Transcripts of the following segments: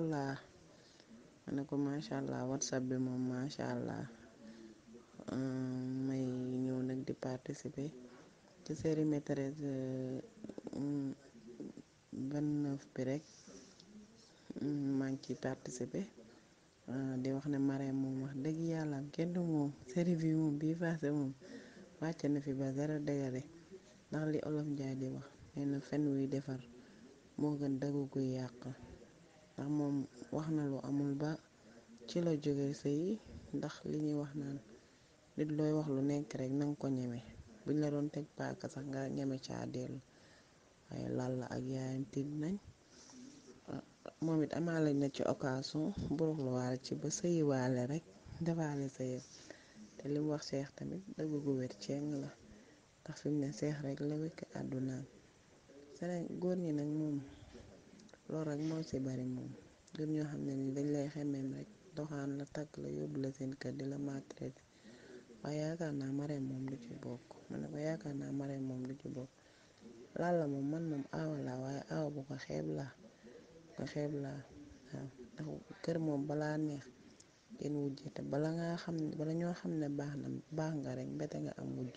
allah ma ne ko macha allah whatsapp bi moom macha allah euh, may ñëw nag di participer ci série maîtresse euh, vingt-neuf bi rek hmm, maa ngi ciy participer euh, di wax ne Marème moom wax dëgg yàlla am kenn moom série bi moom bii passé moom wàcc na fi ba dara dëgëre ndax li olof njaay di wax nee na fen wuy defar moo gën dëggu kuy yàq ndax moom wax na lu amul ba ci la jóge sëy ndax li ñuy wax naan nit looy wax lu nekk rekk nanga ko ñeme buñ la doon teg paaka sax nga ñeme caa dellu waaye la ak yaayam tiit nañ moom it amaale na ci occasion buruxluwaale ci ba sëyiwaale rek defaale sëyam te li wax seex tamit dëgg gu wér ceeng la ndax fi ne seex rek la wékk àddunaam sene góor ñi nag moom loolu rek moo ci bari moom ngir ñoo xam ne ni dañ lay xemmeem rek doxaan la takk la yóbbu la seen kër di la maltraité waaye yaakaar naa Marème moom du ci bokk ma ne ko moom du ci bokk laal la moom man moom aawa waaye aawa bu ko xeeb laa ko xeeb moom balaa neex kenn wujje bala ngaa xam ne ñoo xam ne baax na baax nga rek mbete nga am wujj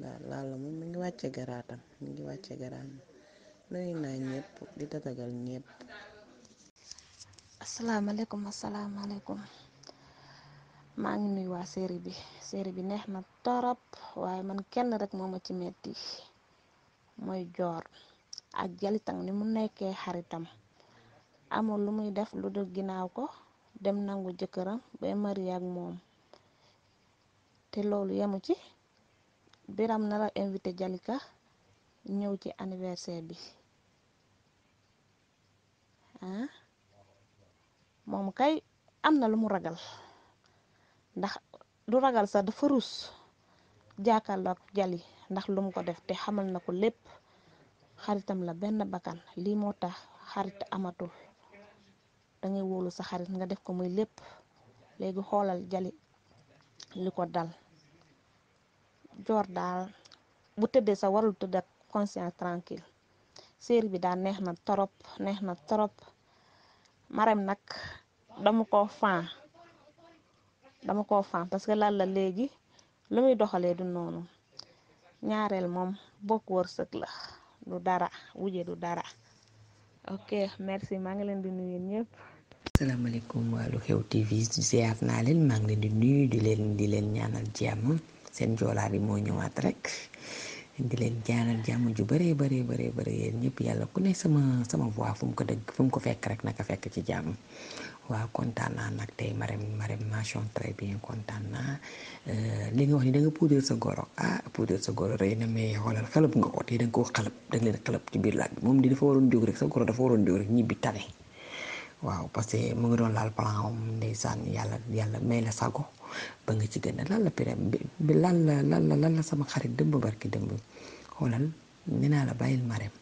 waaw laal la ngi wàcce garaatam mu ngi wàcce garaatam nuyu naa ñëpp di datagal ñëpp. asalaamaaleykum asalaamaaleykum maa ngi nuyu waa série bi série bi neex na torop waaye man kenn rek moo ma ci metti mooy joor ak jalitang ni mu nekkee xaritam amul lu muy def lu dul ginnaaw ko dem nangu jëkkëram bay mari moom te loolu yemu ci biram nala invité Jalika ñëw ci anniversaire bi ah? moom kay am na lu mu ragal ndax lu ragal sax dafa rus jàkkaarloo ak jali ndax lu mu ko def te xamal na ko lépp xaritam la benn bakkan lii moo tax xarit amatul dangay wóolu sa xarit nga def ko muy lépp léegi xoolal jali li ko dal joor daal bu tëddee sa warul tëdd ak conscience tranquille série bi daal neex na torop neex na torop Marème nag dama ko fan dama ko fan parce que lal la léegi lu muy doxalee du noonu ñaareel moom bokk wërsëg la du dara wuje du dara ok merci maa ngi leen di nuyu ñëpp asalaamaaleykum waa Lu Xew TV ziar naa leen maa ngi leen di nuyu di leen di leen ñaanal jàmm seen joolaar yi moo ñëwaat rek di leen jaanal jàmm ju bëree bëree bëree bëri yéen ñëpp yàlla ku ne sama sama voix fu mu ko dëgg fu mu ko fekk rek nag a fekk ci jàmm waaw kontaan naa nag tey marem marem mention très bien kontaan naa euh, li nga wax ni da nga sa goro ah puudar sa goro rëy na mais xoolal xalab nga ko tey da koo xalab da leen xalab ci biir laaj bi moom di dafa waroon jóg rek sa goro dafa waroon jóg rek ñibbi tane waaw parce mu ngi doon laal plan am ndeysaan yàlla yàlla may la sago ba nga ci génn lan la pireem bi lan la lan la lan sama xarit dëmb barki dëmb xoolal nee naa la bàyyil marem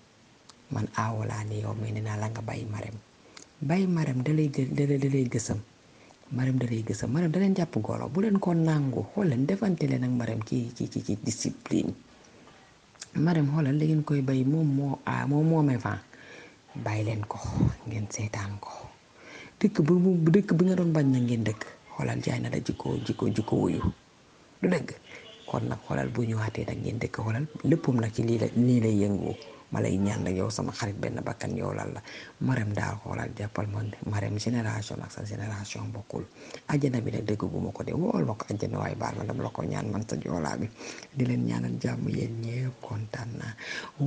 man aawalaa ni yow mais nee naa la nga bàyyi marem bàyyi marem dalay dalay gësam marem dalay gësam marem jàpp golo bu leen ko nangu xooleen defante leen ak marem ci ci ci ci discipline marem xoolal ngeen koy bay moom moo a moom moomee fan bàyyi leen ko ngeen seetaan ko dëkk bu dëkk bi nga doon bañ na ngeen dëkk xoolal jaay na la jikko jikko jikko wuyu du dëgg kon nag xoolal bu ñëwaatee nag ngeen dëkk xoolal léppum nag ci lii la nii lay sama xarit benn bakkan yow la la marem daal xoolal jàppal ma marem génération ak sa génération bokkul àjjana bi nag dégg gu ma ko de wool ma ko àjjana waaye baal ma dama la ko ñaan man sa joolaa bi di leen ñaanal jàmm yéen ñëpp kontaan naa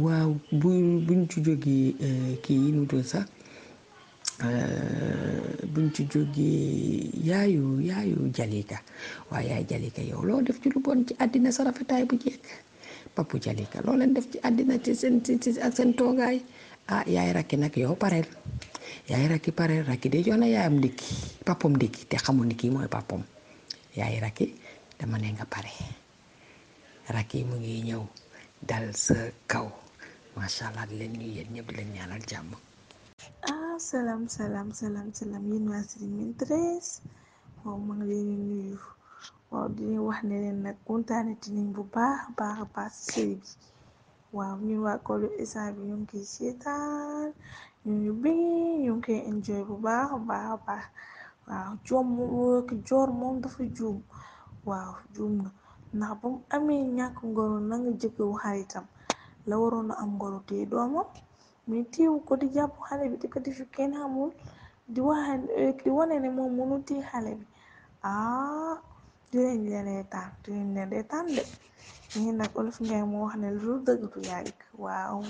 waaw bu buñ ci jógee eh, kii nu tudd sax Euh, buñ ci jógee yaayu yaayu Jalika waaye yaay Jalika yow loo def ci lu bon ci àddina sa rafetaay bu jekk papu Jalika loo leen def ci àddina ci seen ci toogaay ah yaay rakki nag yow pareel yaay rakki pareel rakki de jox na yaayam ndikki papam ndikki te xamu ni mooy papam yaay rakki dama ne nga pare rakki mu ngi ñëw dal sa kaw macha allah di ñuy yéen ñëpp di leen ñaanal jàmm. salaam salaam salaam salaam yéen waa Serigne Maîtresse waaw maa ngi leen wax ne leen nag kontaanati nañ bu baax baax a baax ci série waaw ñun waa Kolu Essa bi ñu ngi seetaan ñu ngi bëgg ñu ngi enjoy bu baax a baax a baax waaw joom moom dafa juum waaw juum na ndax ba mu amee ñàkk ngoro na nga jëkkëru xaritam la waroon a am ngoro te doomam. minti guddi jàpp xale bi di ko defi kenn xamul di wax di eh, wane ne moom mënu ti xale bi ah dinañ leen reetaan dinañ leen reetaan de ñi nag olof ngay moo wax ne lu dëgg du yàgg waaw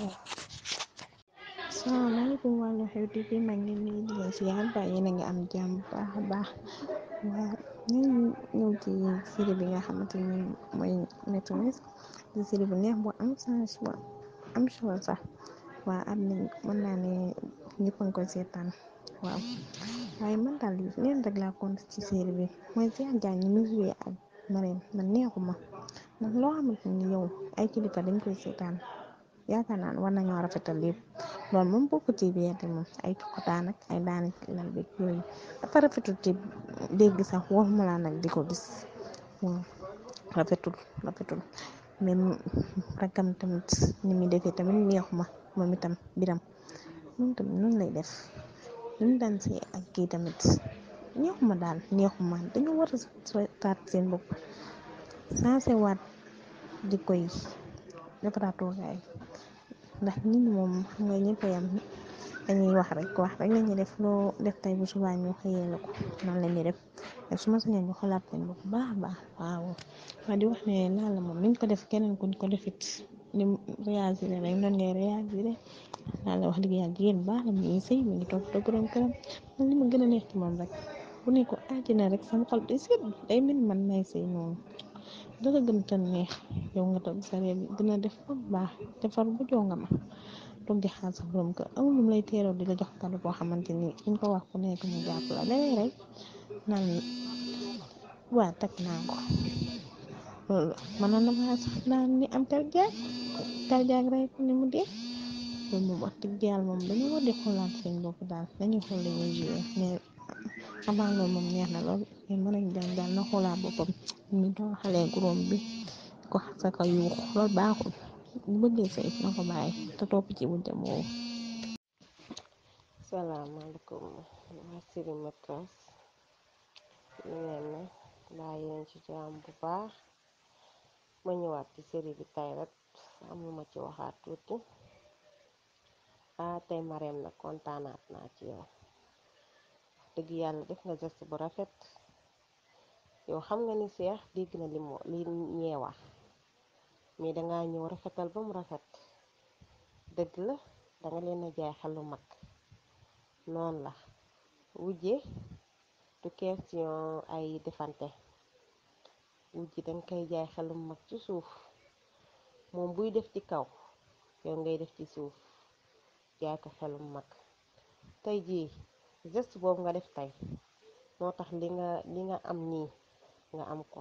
salaamaaleykum waa Lu Xew TV maa ngi leen di leen ngi am jàmm a baax ci bi nga xamante ni mooy Maîtresse di série neex bu am chance bu am chance sax waa am naa ne ñëpp a ngi koy seetaan waaw man daal leen rek laa compte ci série bi mooy Cheikh Ndiaye neexuma ndax loo xamante ni yow ay kilifa dañ koy seetaan yaakaar naa ne war nañoo rafetal lépp loolu moom bokk ci biir moom ay tukkutaan ak ay daani lal yooyu dafa rafetul ci dégg sax waxuma laa di ko gis waaw rafetul rafetul même tamit ni muy defee tamit neexuma. moom itam biram moom tamit noonu lay def luñ daan sëy ak kii tamit neexuma daal neexuma dañu war a taat seen bopp sansé waat di koy defaraat toogaay ndax nit moom xam nga ñëpp a yam dañuy wax rek wax rek la ñuy def loo def tey bu subaa ñu xëyee la ko noonu la ñuy def def su ma sañoon ñu xalaat seen bopp baax baax waaw di wax ne laala moom luñ ko def keneen kuñ ko defit ni réagir rek noonu ngay réagir naa la wax dëgg yàlla jigéen baax la mu ngi sëy mi ngi toog toog borom këram man gën a neex ci moom rek bu ne ko rek sama xol day sedd day man na sëy noonu dara gën a neex yow nga toog sa réew gën a def ba baax defar bu jonga ma toog di xaar sa borom kër amul lu lay teeroo di la jox kàddu boo xamante ni suñ ko wax ku nekk mu jàpp la day rek naan waa takk naa ko loolu mënoon na maa sax daan ni am tarjaag tarjaag rey ni mu dee loolu moom wax dëgg yàlla moom dañu war di xoolaat seen bopp daal moom neex na lool mais mën nañ jàng daal na xoolaat boppam ñu doon xale góoram bi ko xasaka yuux loolu baaxul bu bëggee say na ko bàyyi te topp ci bu dem woowu. bu baax. ma ñëwaat ci série bi tay rek am lu ma ci waxaat tuuti ah tey Marème nag kontaanaat naa ci yow dëgg yàlla def nga geste bu rafet yow xam nga ni seex dégg na li moo li ñee mais danga ñëw rafetal ba mu rafet dëgg la danga leen a jaay xelu mag noonu la wujje du question ay defante ji danga koy jaay xelum mag ci suuf moom buy def ci kaw yow ngay def ci suuf jaay ko xelum mag tey jii geste boobu nga def tey moo tax li nga li nga am nii nga am ko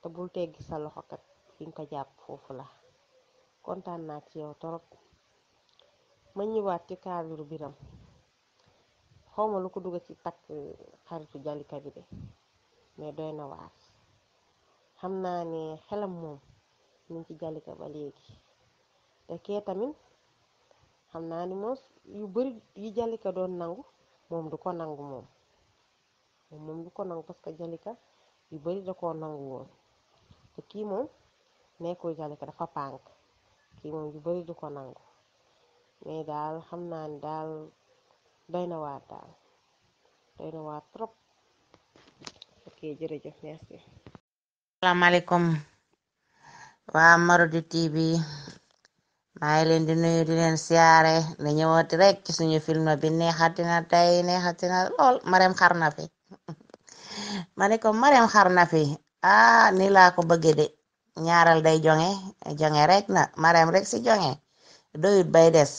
te bul teggi sa loxo kat fi ko jàpp foofu la kontaan naa ci yow torop ma ñëwaat ci kaaliru biram xaw ma lu ko dugg ci takk xaritu jalika bi mais doy na waar xam naa ne xelam moom ñu ci Jalika ba léegi te kee tamit xam naa ni moom yu bari yi Jalika doon nangu moom du ko nangu moom moom du ko nangu parce que Jalika yu bari da koo nangu woon te kii moom nekkul Jalika dafa pànk kii moom yu bari du ko nangu mais daal xam naa ni daal doy na waar daal doy na waar trop ok jërëjëf merci salaamaaleykum waa Marodi TV maa ngi leen di nuyu di leen siyaare na ñëwooti rek ci suñu film bi neexati na tey neexati na lool Marème Xarnafi ma ne ko Marème ah, ni laa ko bëggee de ñaaral day jonge jonge rek na Marème rek si jonge doyut bay des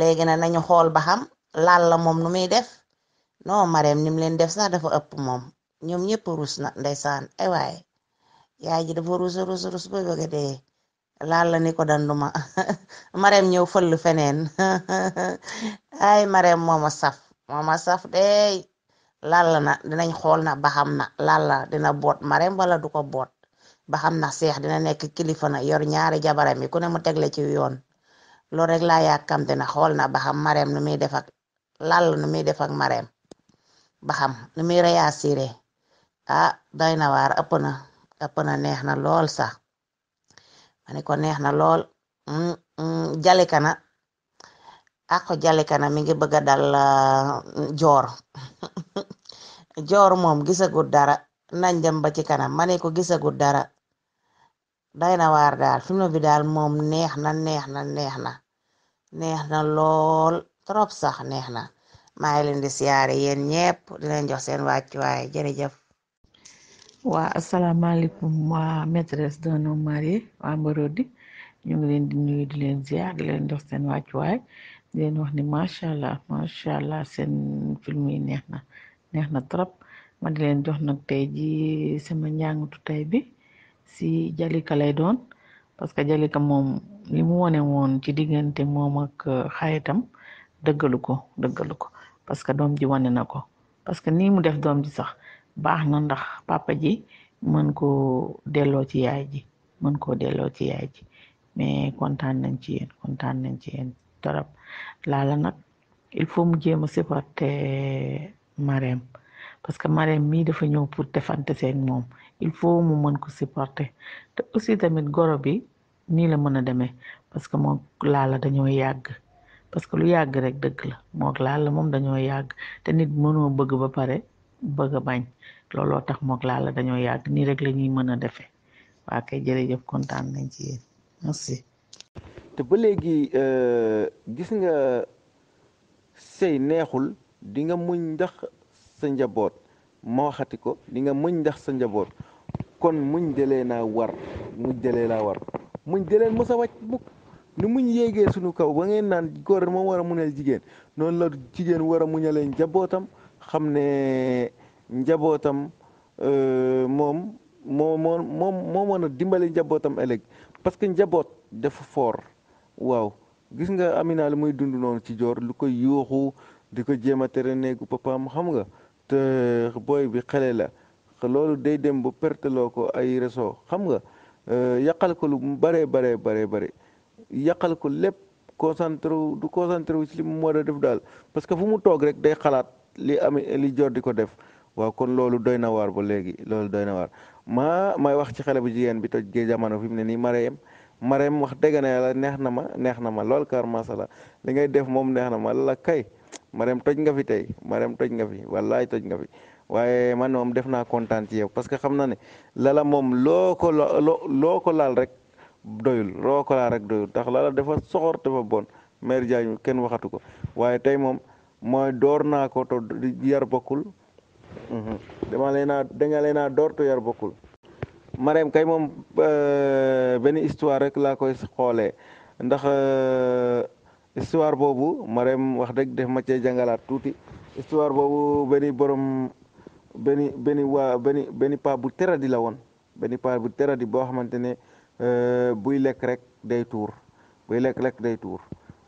léegi na nañu xool baxam xam laal la moom nu muy def non Marème nim leen def sax dafa ëpp moom ñoom ñëpp rus na ndeysaan ay waaye yaay ji dafa ruus ruus ruus ba bëgg a dee laal la ni ko danduma mareem ñëw fël feneen ay mareem mooma moom mooma saf dey laal la na dinañ xool na baxam na laal la dina boot mareem wala du ko boot ba xam na seex dina nekk kilifa na yor ñaari jabaram yi ku ne mu tegle ci yoon loolu rek laa yàkkamte na xool na baxam xam mareem nu muy def ak laal la nu muy def ak mareem baxam xam nu muy réassuré ah doy na waar ëpp na. jàpp na neex na lool sax ma ne ko neex na lool mm, mm, jalikana ako ah, jalikana mi ngi bëgga dal uh, joor joor moom gisagut dara nañ dem ba ci kanam ma ko gisagut dara day na waar daal film bi daal moom neex na neex na neex na neex na lool trop sax neex na maa ngi leen di siyaare jox seen wàccuwaay waa asalaamaaleykum waa maîtresse d'un homme marié waa Marodi ñu ngi leen di nuyu di leen ziar di leen jox seen wàccuwaay di leen wax ni macha allah macha allah seen film yi neex na neex na trop ma di leen jox nag tey ji sama njàngatu tey bi si Jalika lay doon parce que Jalika moom li mu wone woon ci diggante moom ak euh, xaritam dëggalu ko dëggalu ko parce que doom ji wane na ko parce que nii mu def doom ji sax. baax na ndax papa ji mën koo delloo ci yaay ji mën koo delloo ci yaay ji mais kontaan nañ ci yéen kontaan nañ ci yéen torop laala nag il faut mu jéem a supporter Marème parce que Marème mii dafa ñëw pour defante seeg moom il faut mu mën ko supporter te aussi tamit goro bi nii la mën a demee parce que moom laala dañoo yàgg parce que lu yàgg rek dëgg la moom laala moom dañoo yàgg te nit mënoo bëgg ba pare bëgg a bañ looloo tax mook laala dañoo yàgg nii rek lañuy mën a defee waa kay jërëjëf kontaan nañ ci yéen te ba léegi euh, gis nga sëy neexul di nga muñ ndax sa njaboot ma ko di nga muñ ndax sa njaboot kon muñ delee naa war muñ delee laa war muñ deleen mës a wàcc bukk ni muñ yéegee sunu kaw ba ngeen daan góor moo war a muñal jigéen noonu la jigéen war a muñalee njabootam. xam ne njabootam euh, moom moo moo moom moo mën a dimbali njabootam ëllëg parce que njaboot dafa foor waaw gis nga Amina li muy dund noonu ci joor lu koy yuuxu di ko jéem a tere néegu papaam xam nga te booy bi xale la loolu day dem ba perte loo ko ay réseau xam nga euh, yàqal ko lu baree baree baree bare yàqal ko lépp concentré du concentré wu ci li mu war a def daal parce que fu mu toog rek day xalaat li am li jor di ko def waaw kon loolu doy na waar ba léegi loolu doy na waar maa may wax ci xale bu jigéen bi toj gee jamono fi mu ne nii Marème Marème wax dëgg na yàlla neex na ma neex na ma lool kar masala li ngay def moom neex na ma la kay Marème toj nga fi tey Marème toj nga fi wallaay toj nga fi waaye man moom def naa kontaan ci yow parce que xam na ne lala moom loo ko loo ko laal rek doyul loo ko laal rek doyul tax lala defa soxor dafa bon mère Diagne kenn waxatu ko mooy door naa ko to yar bokkul mhm. dama leen a danga leen a door to yar bokkul Marème kay moom euh, benn histoire rek laa koy xoolee ndax euh, histoire boobu Marème wax dëgg def ma cee jàngalaat tuuti histoire boobu benn borom benn benn waa benn benn paa bu teradi la woon benn paa bu teradi boo xamante ne euh, buy lekk rek day tuur buy lekk rek day tuur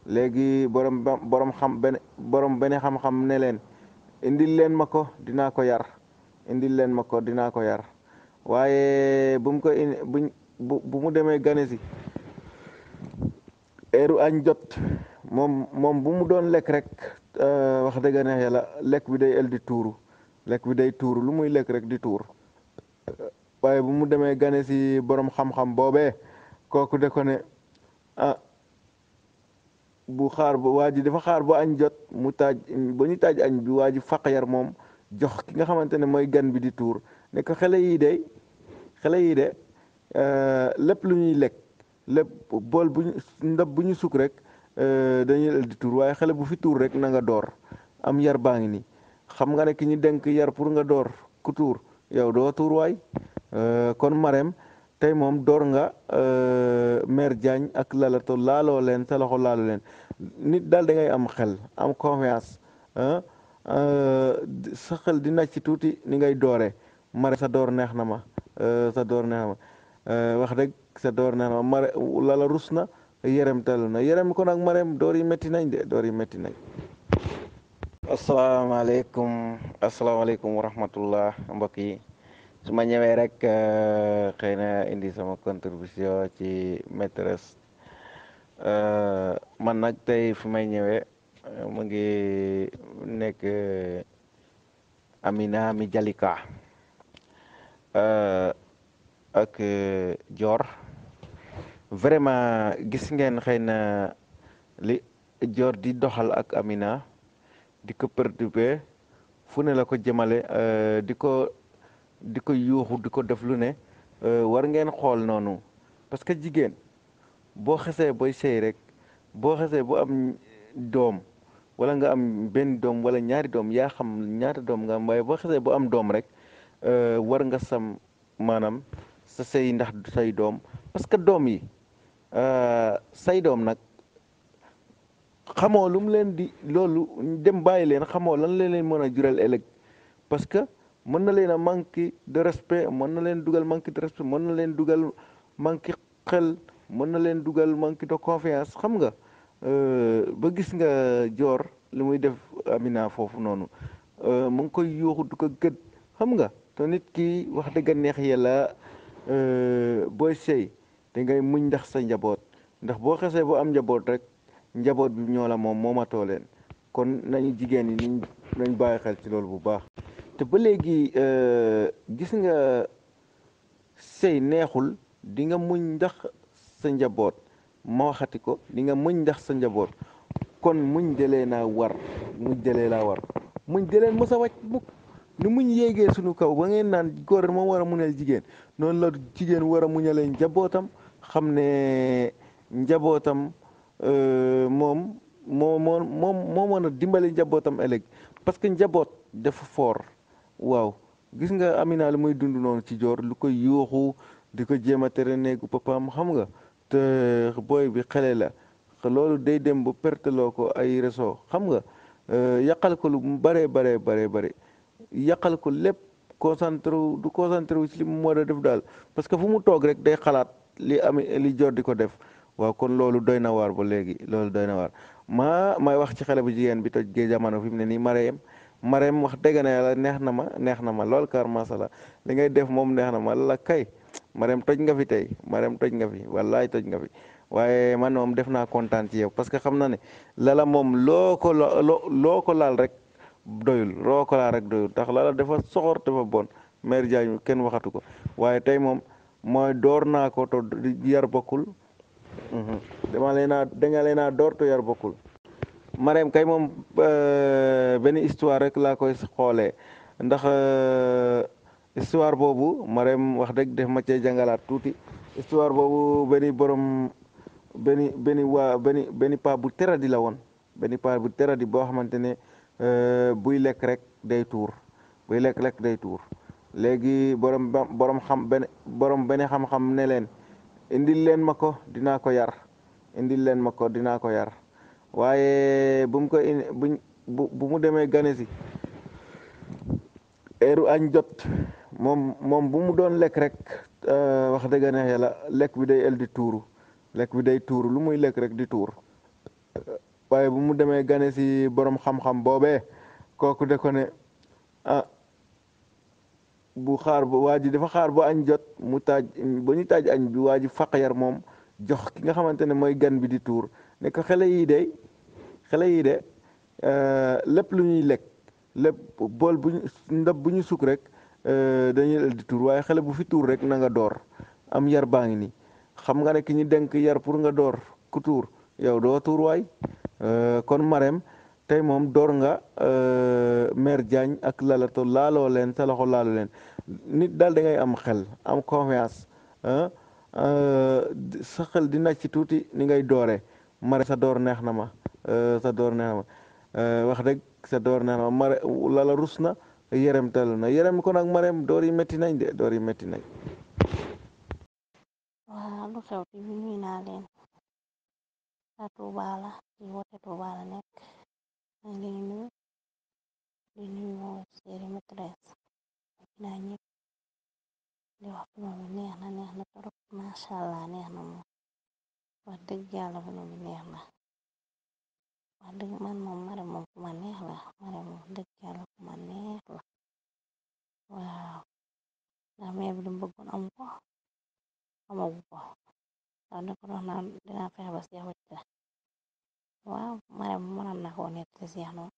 léegi borom borom xam benn borom benn xam-xam ne leen indil leen ma ko dinaa ko yar indil leen mako ko dinaa ko yar waaye bu ko buñ bu mu demee gane si eeru añ jot moom moom bu mu doon lekk rek euh, wax dëgg neex yàlla lekk bi day el di tuuru lekk bi day tuuru lu muy lekk rek di tuur waaye bu mu demee gane si borom xam-xam boobee ko ne ah bu xaar ba waa ji dafa xaar ba añ jot mu taaj ba ñu taaj añ bi waa ji faq yar moom jox ki nga xamante ne mooy gan bi di tuur ne ko xale yi de xale yi de euh, lépp lu ñuy lekk lépp bool bu ndab bu ñu sukk rek euh, dañuy ël di tuur waaye xale bu fi tuur rek na nga door am yar baa ngi nii xam nga ne ki ñu denk yar pour nga door ku tuur yow doo tuur waay euh, kon mareem tey moom door nga euh, maire Diagne ak lalato laaloo leen sa loxo laaloo leen nit daal da ngay am xel am confiance euh, sa xel di naaj ci tuuti ni ngay doore mare sa door neex na ma euh, sa door neex na ma wax dëgg sa door neex na ma mare lala rus na yërëm talu na yërëm kon ak mareem door yi métti nañ de door yi métti nañ asalaamaaleykum asalaamaaleykum wa rahmatullah mbokk yi su ma ñëwee rek euh, xëy na indi sama contribution ci maîtresse euh, man nag tey fu may ñëwee euh, mu ngi nekk Amina mi Jalika ak Dior vraiment gis ngeen xëy na li joor di doxal ak Amina di ko perturber fu ne la ko jëmale di ko. di ko yuuxu di ko def lu ne euh, war ngeen xool noonu parce que jigéen boo xesee booy sëy rek boo xesee bu am doom wala nga am benn doom wala ñaari doom yaa xam ñaata doom nga am waaye boo xesee bu am doom rek euh, war nga sam maanaam sa sey ndax say doom parce que doom yi euh, say doom nag xamoo lu mu leen di loolu dem bàyyi leen xamoo lan la leen mën a jural ëllëg parce que mën na leen a manque de respect mën na leen dugal manque de respect mën na leen dugal manque xel mën na leen dugal manque de confiance xam nga euh, ba gis nga joor li muy def Amina foofu noonu euh, mu ngi koy yuuxu du ko gët xam nga te nit ki wax dëgg neex yàlla euh, booy sëy te ngay muñ ndax sa njaboot ndax boo xesee boo am njaboot rek njaboot bi ñoola la moom moomatoo leen kon nañu jigéen ñi nañ bàyyi xel ci loolu bu baax te ba léegi euh, gis nga sey neexul dinga nga muñ ndax sa njaboot ma waxati ko di nga muñ ndax sa njaboot kon muñ delee naa war muñ delee laa war muñ deleen mës a wàcc ni muñ yéegee sunu kaw ba ngeen naan góor moom war a muñal jigéen noonu la jigéen war a muñalee njabootam xam ne njabootam euh, moom moo moo moom moo mën a dimbali njabootam ëllëg parce que njaboot def foor waaw gis nga Amina lu muy dund noonu ci joor lu koy yuuxu di ko jéem a tere néegu papaam xam nga te booy bi xale la loolu day dem ba perte loo ko ay réseau xam nga euh, yàqal ko lu mu baree baree baree bare yàqal ko lépp concentré wu du concentré wu ci li mu war a def daal parce que fu mu toog rek day xalaat li am li joor di ko def waaw kon loolu doy na waar ba léegi loolu doy na waar ma may wax ci xale bu jigéen bi toj gi jamono fi mu ne nii Marème Marème wax dëgg na yàlla neex na ma neex na ma lool kar masala li ngay def moom neex na ma la kay Marème toj nga fi tey Marème toj nga fi wallaay toj nga fi waaye man moom def naa kontaan ci yow parce que xam na ne lala moom loo ko loo ko laal rek doyul loo ko laal rek doyul tax lala defa soxor dafa bon mère Diagne kenn waxatu ko waaye tey moom mooy door naa ko to yar bokkul Mhm. dama leen a danga leen a door te yar bokkul Marème kay moom euh, benn histoire rek laa koy xoolee ndax euh, histoire boobu Marème wax dëgg def ma cee jàngalaat tuuti histoire boobu benn borom benn benn benn benn paa bu teradi la woon benn paa bu teradi boo xamante ne euh, buy lekk rek day tuur buy lekk rek day tuur léegi borom borom xam benn borom xam-xam ne leen indil leen ma ko dinaa ko yar indil leen mako ko dinaa ko yar waaye bu mu ko buñ bu mu demee gane si eeru añ jot moom moom bu mu doon lekk rek euh, wax dëgg neex yàlla lekk bi day el di tuuru lekk bi day tuuru lu muy lekk rek di tuur waaye bu mu demee gane si borom xam-xam boobee kooku de ko ne ah, bu xaar ba waa ji dafa xaar ba añ jot mu taaj ba ñu taaj añ bi waa ji faq yar moom jox ki nga xamante ne mooy gan bi di tuur ne ko xale yi de xale yi de euh, lépp lu ñuy lekk lépp bool bu ñu ndab bu ñu sukk rek euh, dañuy dal di tuur waaye xale bu fi tuur rek na nga door am yar baa ngi nii xam nga ne ki ñu denk yar pour nga door ku tuur yow doo tuur waay euh, kon marem tey moom door nga euh, maire Diagne ak lalato laaloo leen sa loxo laaloo leen nit daal da ngay am xel am confiance euh, sa xel di naaj ci tuuti ni ngay doore mare sa door neex na ma euh, sa door neex na ma wax dëgg sa door neex na ma mare lala rus na yërëm tal na yërëm ko nag mareem door métti nañ de door yi métti nañ waaw lu xew ti bi ñuy naa leen sa Tuuba la ci wote Tuuba la Linu liñuyoo seeri matres ak naa ñepp di wax filon bi neexna neexna torop machala neexna moom wax dëg yàlla filon bi neexna wax dëg man moom mare moom kuma neex la mare moom dëg yàlla kuma neex la waa ndax meer bi lu mbëggoon amu ko amagu ko dax dëko roxna dina feex ba seex wacca. waaw maram mënoon na koo net te seex lool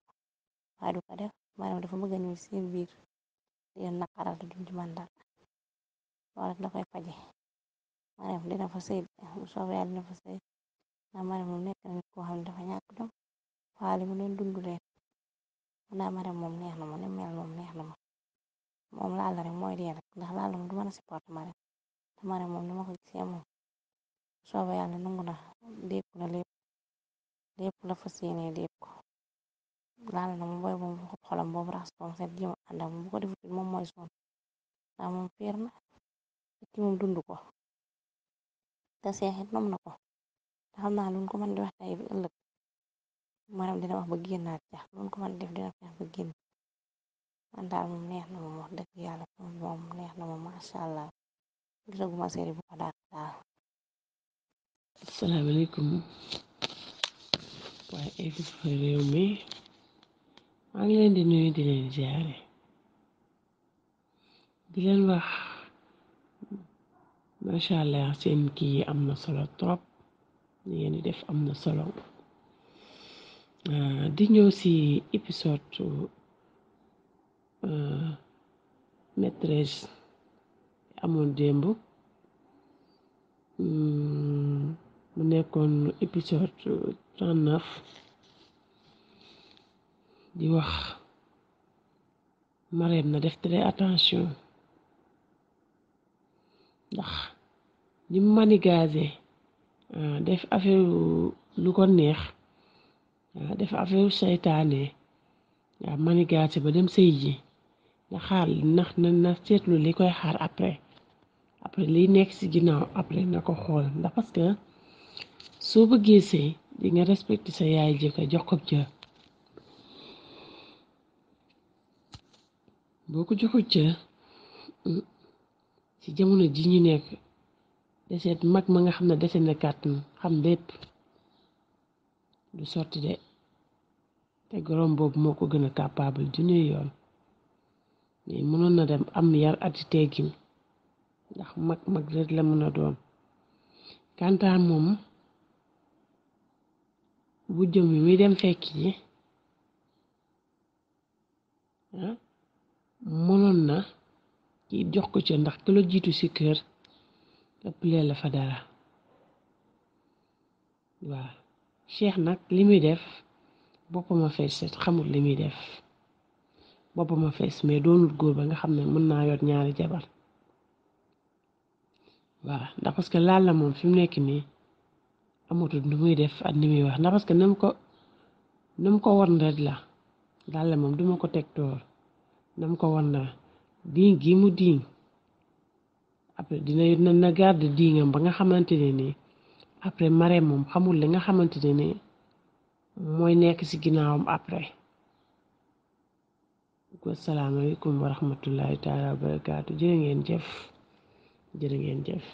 waaye du ko def maram dafa bëgg ñu seen biir di leen naqaral te duñ ci man dara loolu rek la koy faje maram dina fa sëy bu soobee dina fa sëy ndax maram moom nekk na nit koo xam ne dafa ñàkk jom waali mu leen dund leen ndax moom neex na ma ne mel moom neex na ma moom laala rek mooy dee rek ndax laala moom du mën a supporté maram te moom ni ma ko gisee moom soobee yàlla nangu na lépp la fas yéene lépp ko laal na mu boy bumu xob xolam boobu raxas bam set jëm àndam bu ko defutul moom mooy soon ndax moom fiir na ki moom dund ko te seexit nom na ko te xam naa luñ ko mën di wax tey ëllëg maanaam dina wax ba génnaat ja luñ ko mën def dina feex man daal neex na moom wax dëgg yàlla moom moom neex na moom masha allah gisaguma série bu ko daal daal asalaamaaleykum waaye egfa réew mi maa ngi leen di nuyu di leen jaare di leen wax macha allah seen kii am na solo trop li ngeen di def am na solo ah, di ñëw si épisode euh, maîtresse amoon démb hmm. mu nekkoon épisode 39 di wax Marème na def très attention ndax ni manigaase ah, def affaire lu ko neex ah, def affaire seytaane waaw ah, manigaase ba dem sëy ji na xaar ndax na seetlu li koy xaar après après liy nekk ci ginnaaw après na ko xool ndax parce soo bëggee sëy di nga respecté sa yaay a jox ko cër boo ko joxul cër ci jamono ji ñu nekk deseet mag ma nga xam ne dese na kàttan xam lépp du sotti de te gorom boobu moo ko gën a capable junne yoon mais mënoon na dem am yar ati teggin ndax mag mag rek la mën a doon kantaa moom bu jëm yi muy dem fekk yi ah, mënoon na ki jox ko ci ndax ki la jiitu ci kër ëpplee la fa dara waaw Cheikh nag li muy def boppama fees xamut li muy def boppama fees mais doonul góor ba nga xam ne mën naa yor ñaari jabar waaw ndax parce laal la moom fi nekk nii amatul nu muy def ak ni muy wax na parce que nam ko nam ko war la daal moom duma ko teg toor ko war na diin gi mu diin après dina na garde diingam ba nga xamante ne nii après mare moom xamul li nga xamante ne nii mooy nekk ci ginnaawam après wasalaamaaleykum wa rahmatullahi taala wa barakaatu jërë ngeen jëf jërë ngeen jëf